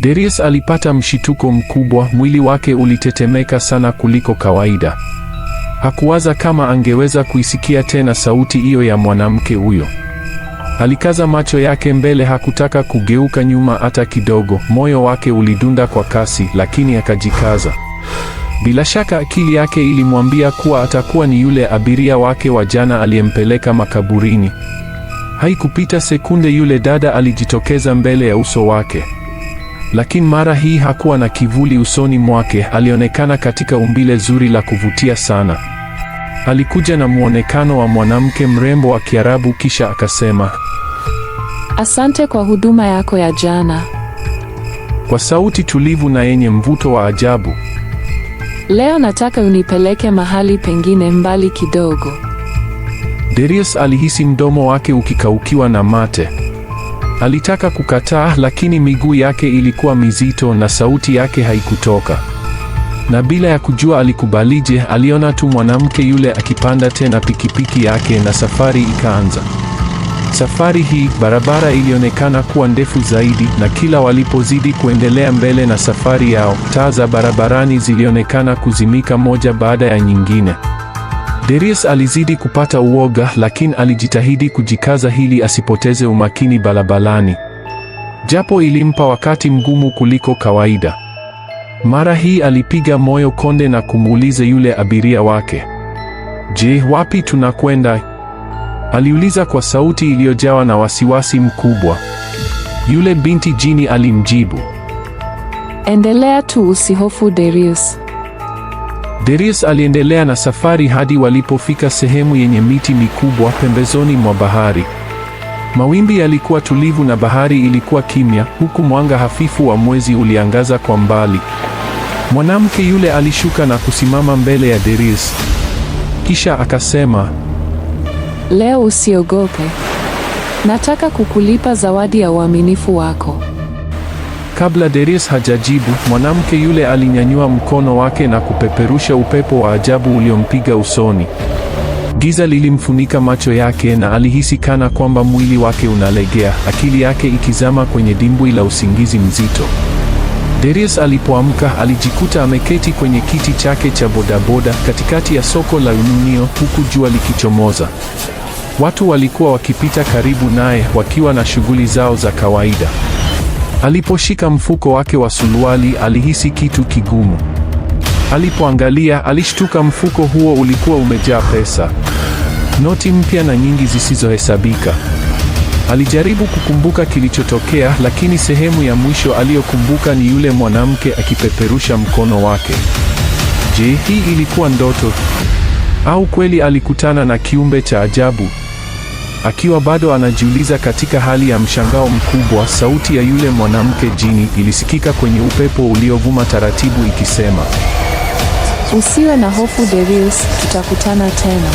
Derius alipata mshituko mkubwa, mwili wake ulitetemeka sana kuliko kawaida. Hakuwaza kama angeweza kuisikia tena sauti hiyo ya mwanamke huyo. Alikaza macho yake mbele, hakutaka kugeuka nyuma hata kidogo. Moyo wake ulidunda kwa kasi, lakini akajikaza. Bila shaka akili yake ilimwambia kuwa atakuwa ni yule abiria wake wa jana aliyempeleka makaburini. Haikupita sekunde, yule dada alijitokeza mbele ya uso wake. Lakini mara hii hakuwa na kivuli usoni mwake, alionekana katika umbile zuri la kuvutia sana. Alikuja na muonekano wa mwanamke mrembo wa Kiarabu, kisha akasema, asante kwa huduma yako ya jana, kwa sauti tulivu na yenye mvuto wa ajabu. Leo nataka unipeleke mahali pengine mbali kidogo. Darius alihisi mdomo wake ukikaukiwa na mate. Alitaka kukataa, lakini miguu yake ilikuwa mizito na sauti yake haikutoka. Na bila ya kujua alikubalije, aliona tu mwanamke yule akipanda tena pikipiki yake na safari ikaanza. Safari hii barabara ilionekana kuwa ndefu zaidi, na kila walipozidi kuendelea mbele na safari yao, taa za barabarani zilionekana kuzimika moja baada ya nyingine. Darius alizidi kupata uoga, lakini alijitahidi kujikaza ili asipoteze umakini barabarani, japo ilimpa wakati mgumu kuliko kawaida. Mara hii alipiga moyo konde na kumuuliza yule abiria wake, "Je, wapi tunakwenda?" Aliuliza kwa sauti iliyojawa na wasiwasi mkubwa. Yule binti jini alimjibu, "Endelea tu, usihofu Darius." deris aliendelea na safari hadi walipofika sehemu yenye miti mikubwa pembezoni mwa bahari. Mawimbi yalikuwa tulivu na bahari ilikuwa kimya, huku mwanga hafifu wa mwezi uliangaza kwa mbali. Mwanamke yule alishuka na kusimama mbele ya deris Kisha akasema, "Leo usiogope. Nataka kukulipa zawadi ya uaminifu wako." Kabla Darius hajajibu, mwanamke yule alinyanyua mkono wake na kupeperusha upepo wa ajabu uliompiga usoni. Giza lilimfunika macho yake na alihisi kana kwamba mwili wake unalegea, akili yake ikizama kwenye dimbwi la usingizi mzito. Darius alipoamka alijikuta ameketi kwenye kiti chake cha bodaboda katikati ya soko la Ununio huku jua likichomoza. Watu walikuwa wakipita karibu naye wakiwa na shughuli zao za kawaida. Aliposhika mfuko wake wa suruali alihisi kitu kigumu. Alipoangalia alishtuka, mfuko huo ulikuwa umejaa pesa, noti mpya na nyingi zisizohesabika. Alijaribu kukumbuka kilichotokea, lakini sehemu ya mwisho aliyokumbuka ni yule mwanamke akipeperusha mkono wake. Je, hii ilikuwa ndoto au kweli alikutana na kiumbe cha ajabu? Akiwa bado anajiuliza katika hali ya mshangao mkubwa, sauti ya yule mwanamke jini ilisikika kwenye upepo uliovuma taratibu ikisema, usiwe na hofu Darius, tutakutana tena.